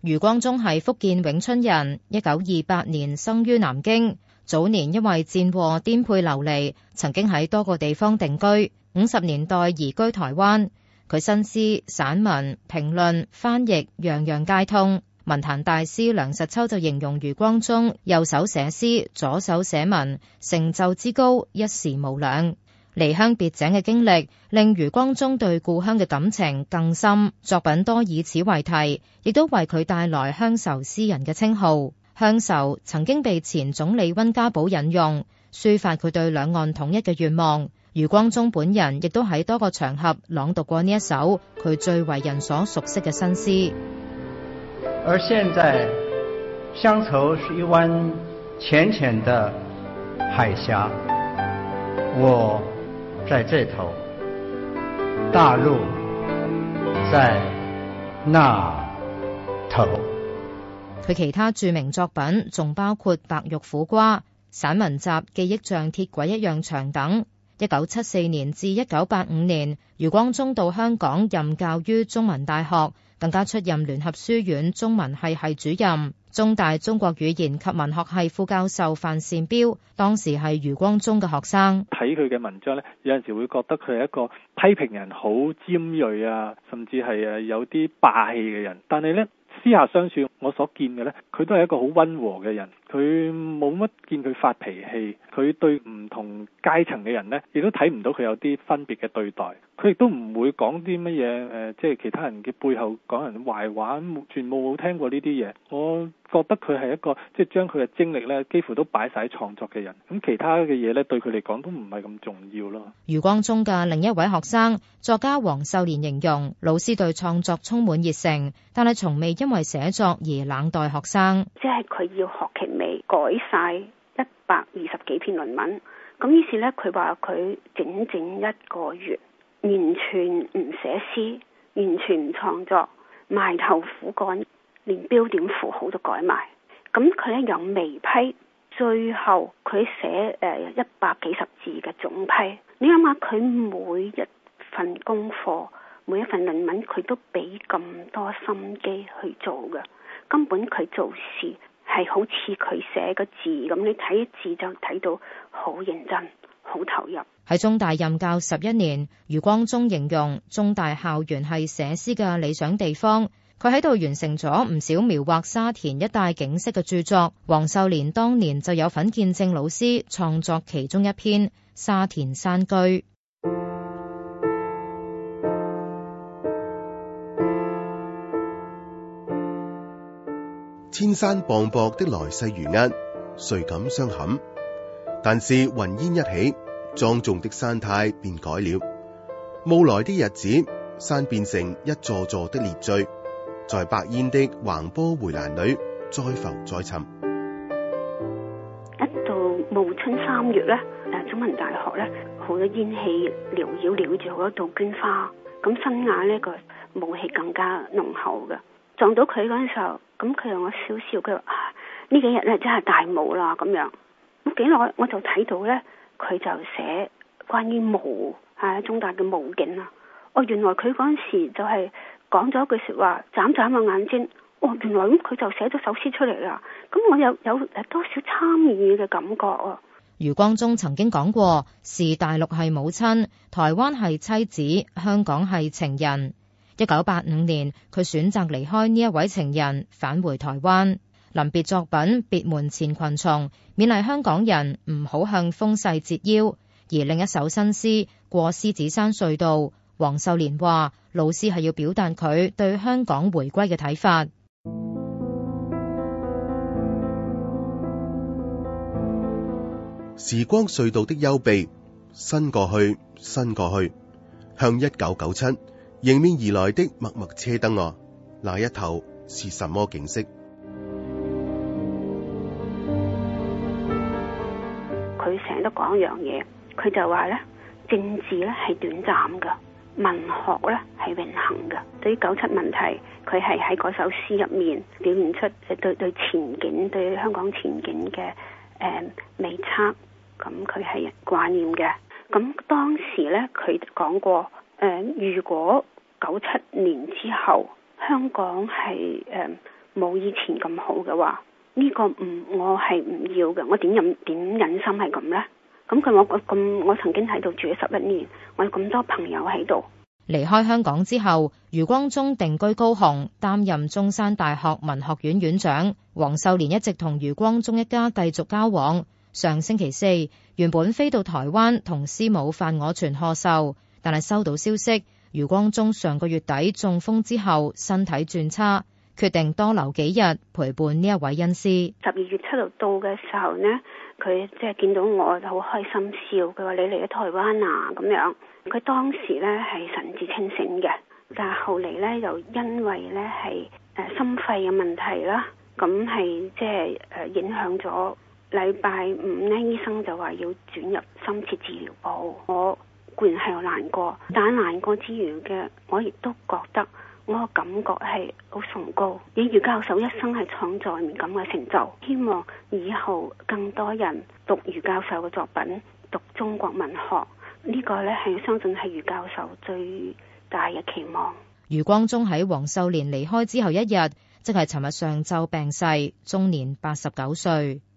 余光中係福建永春人，一九二八年生於南京。早年因為戰禍顛沛流離，曾經喺多個地方定居。五十年代移居台灣，佢新詩、散文、評論、翻譯樣樣皆通。文壇大師梁實秋就形容余光中右手寫詩，左手寫文，成就之高一時無兩。離鄉別井嘅經歷，令余光中對故鄉嘅感情更深，作品多以此為題，亦都為佢帶來鄉愁詩人嘅稱號。鄉愁曾經被前總理溫家寶引用，抒發佢對兩岸統一嘅願望。余光中本人亦都喺多個場合朗讀過呢一首佢最為人所熟悉嘅新詩。而現在，鄉愁是一灣淺淺的海峽，我，在這頭大陸，在那頭。佢其他著名作品仲包括《白玉苦瓜》、散文集《記憶像鐵軌一樣長》等。一九七四年至一九八五年，余光中到香港任教於中文大學，更加出任聯合書院中文系系主任。中大中國語言及文學系副教授范善標，當時係余光中嘅學生，睇佢嘅文章咧，有陣時會覺得佢係一個批評人好尖銳啊，甚至係誒有啲霸氣嘅人，但係咧，私下相處。我所見嘅呢，佢都係一個好溫和嘅人，佢冇乜見佢發脾氣，佢對唔同階層嘅人呢，亦都睇唔到佢有啲分別嘅對待，佢亦都唔會講啲乜嘢誒，即、呃、係其他人嘅背後講人壞話，全部冇聽過呢啲嘢。我覺得佢係一個即係將佢嘅精力呢，幾乎都擺晒喺創作嘅人，咁其他嘅嘢呢，對佢嚟講都唔係咁重要咯。余光中嘅另一位學生作家黃秀蓮形容老師對創作充滿熱誠，但係從未因為寫作。而冷待學生，即係佢要學期尾改晒一百二十幾篇論文。咁於是咧，佢話佢整整一個月完全唔寫詩，完全唔創作，埋頭苦幹，連標點符號都改埋。咁佢咧又眉批，最後佢寫誒一百幾十字嘅總批。你諗下，佢每一份功課、每一份論文，佢都俾咁多心機去做嘅。根本佢做事係好似佢寫個字咁，你睇字就睇到好認真、好投入。喺中大任教十一年，余光中形容中大校園係寫詩嘅理想地方。佢喺度完成咗唔少描繪沙田一帶景色嘅著作。黃秀蓮當年就有份見證老師創作其中一篇《沙田山居》。天山磅礴的來勢如壓，誰敢相撼？但是雲煙一起，莊重的山態便改了。霧來的日子，山變成一座座的列聚，在白煙的橫波回瀾裏，再浮再沉。一到暮春三月咧，誒，中文大學咧，好多煙氣繚繞，繚住好多杜鵑花，咁新雅呢、這個霧氣更加濃厚嘅，撞到佢嗰陣時候。咁佢話我少少，佢話呢幾日咧真係大霧啦，咁樣冇幾耐，我就睇到咧，佢就寫關於霧啊，中大嘅霧景啊。哦，原來佢嗰陣時就係講咗一句說話，眨眨個眼睛。哦，原來咁佢就寫咗首詩出嚟啦。咁我有有多少參與嘅感覺啊。余光中曾經講過，是大陸係母親，台灣係妻子，香港係情人。一九八五年，佢選擇離開呢一位情人，返回台灣。臨別作品《別門前群松》，勉勵香港人唔好向風勢折腰。而另一首新詩《過獅子山隧道》，黃秀蓮話老師係要表達佢對香港回歸嘅睇法。時光隧道的幽閉，伸過去，伸過去，向一九九七。迎面而來的默默車燈啊，那一頭是什麼景色？佢成日都講一樣嘢，佢就話咧，政治咧係短暫噶，文學咧係永恆噶。對於九七問題，佢係喺嗰首詩入面表現出誒對對前景、對香港前景嘅誒預測。咁佢係掛念嘅。咁當時咧，佢講過。如果九七年之後香港係誒冇以前咁好嘅話，呢個唔我係唔要嘅。我點忍點忍心係咁呢？咁佢我咁我，我曾經喺度住咗十一年，我有咁多朋友喺度。離開香港之後，余光中定居高雄，擔任中山大學文學院院長。黃秀蓮一直同余光中一家繼續交往。上星期四，原本飛到台灣同師母范我存賀壽。但係收到消息，余光中上個月底中風之後身體轉差，決定多留幾日陪伴呢一位恩師。十二月七號到嘅時候呢，佢即係見到我就好開心笑，佢話你嚟咗台灣啊，咁樣。佢當時呢係神志清醒嘅，但係後嚟呢又因為呢係誒心肺嘅問題啦，咁係即係誒影響咗禮拜五呢，醫生就話要轉入深切治療部。我固然係有難過，但係難過之餘嘅，我亦都覺得我感覺係好崇高。而余教授一生係創造咁嘅成就，希望以後更多人讀余教授嘅作品，讀中國文學呢，這個呢，係相信係余教授最大嘅期望。余光中喺黃秀蓮離開之後一日，即係尋日上晝病逝，終年八十九歲。